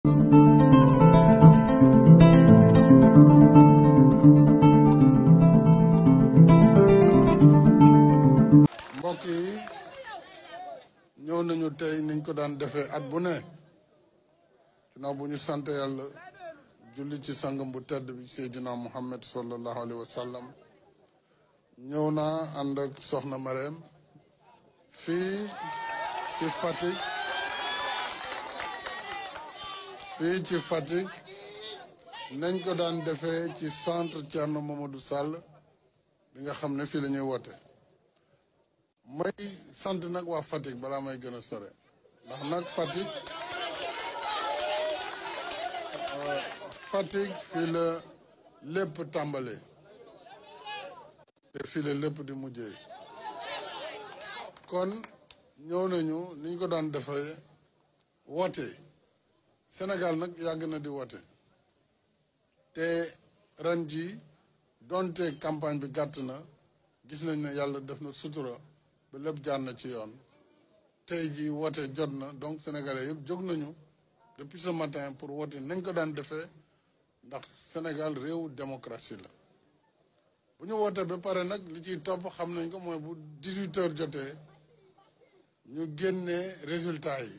mbokk yi ñëw nañu tey niñ ko daan defee at bu ne ginnaaw buñu ñu sant yàlla julli ci sangam bu tedd bi Seydina Muhammad sallallahu alayhi wa sallam ñëw naa ànd ak soxna Mareem fii ci Fatick fii ci Fatick nañ ko daan defee ci centre Thierno Mamadou Sall bi nga xam ne fii la ñuy woote may sant nag waa Fatick balaa may gën a sore ndax nag Fatick euh, Fatick fii la lépp tàmbalee te fii la lépp di mujjee kon ñëw nañu niñ ko daan defee woote Sénégal nag yàgg na di woote te ren jii donte campagne bi gàtt na gis nañ ne yàlla def na sutura ba lépp jaar na ci yoon tey ji woote jot na donc sénégalais yëpp jóg nañu depuis ce matin pour woote nañ ko daan defee ndax Sénégal réewu démocratie la bu ñu wootee ba pare nag li ciy topp xam nañ ko mooy bu 18 heures jotee ñu génnee résultat yi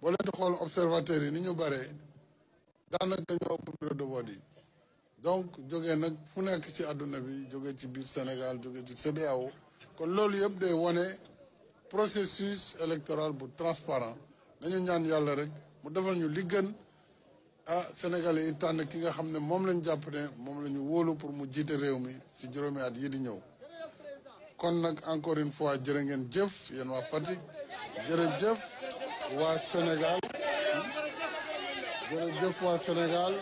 boo leen di xool observateur yi ni ñu bare daanaka ñoo ëpp bureau de vote yi donc jóge nag fu nekk ci àdduna bi jóge ci biir Sénégal jóge ci CEDEAO kon loolu yëpp day wane processus électoral bu transparent nañu ñaan yàlla rek mu defal ñu li gën ah sénégalais yi tànn ki nga xam ne moom lañ jàpp ne moom la ñu wóolu pour mu jiite réew mi ci juróomi at yi di ñëw kon nag encore une fois jëre ngeen jëf yéen waa Fatick jëf waa Sénégal jërëjëf waa Sénégal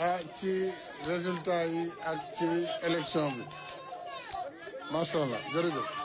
ah ci résultat yi ak ci élection bi macha allah